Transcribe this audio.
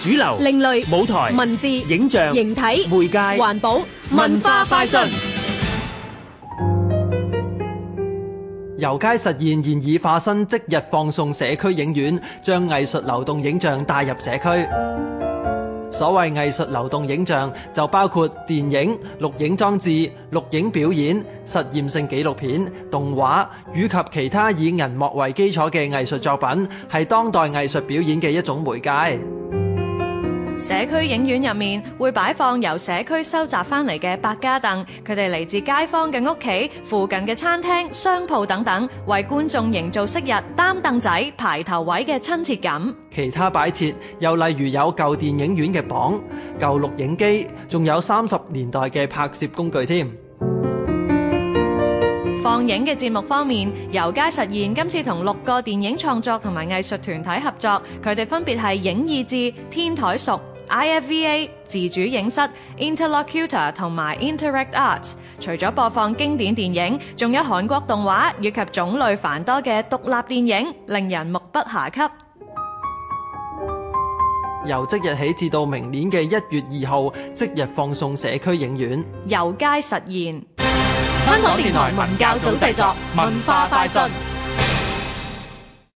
主流、另類舞台、文字、影像、形體、媒介、環保、文化快訊。游街實現現已化身即日放送社區影院，將藝術流動影像帶入社區。所謂藝術流動影像，就包括電影、錄影裝置、錄影表演、實驗性紀錄片、動畫，以及其他以銀幕為基礎嘅藝術作品，係當代藝術表演嘅一種媒介。社區影院入面會擺放由社區收集翻嚟嘅百家凳，佢哋嚟自街坊嘅屋企、附近嘅餐廳、商鋪等等，為觀眾營造昔日擔凳仔排頭位嘅親切感。其他擺設又例如有舊電影院嘅榜、舊錄影機，仲有三十年代嘅拍攝工具添。放映嘅節目方面，游街實現今次同六個電影創作同埋藝術團體合作，佢哋分別係影意志、天台熟。IFVA 自主影室、Interlocutor 同埋 Interact Arts，除咗播放經典電影，仲有韓國動畫以及種類繁多嘅獨立電影，令人目不暇給。由即日起至到明年嘅一月二號，即日放送社區影院。遊街實現，香港電台文教組製作，文化快訊。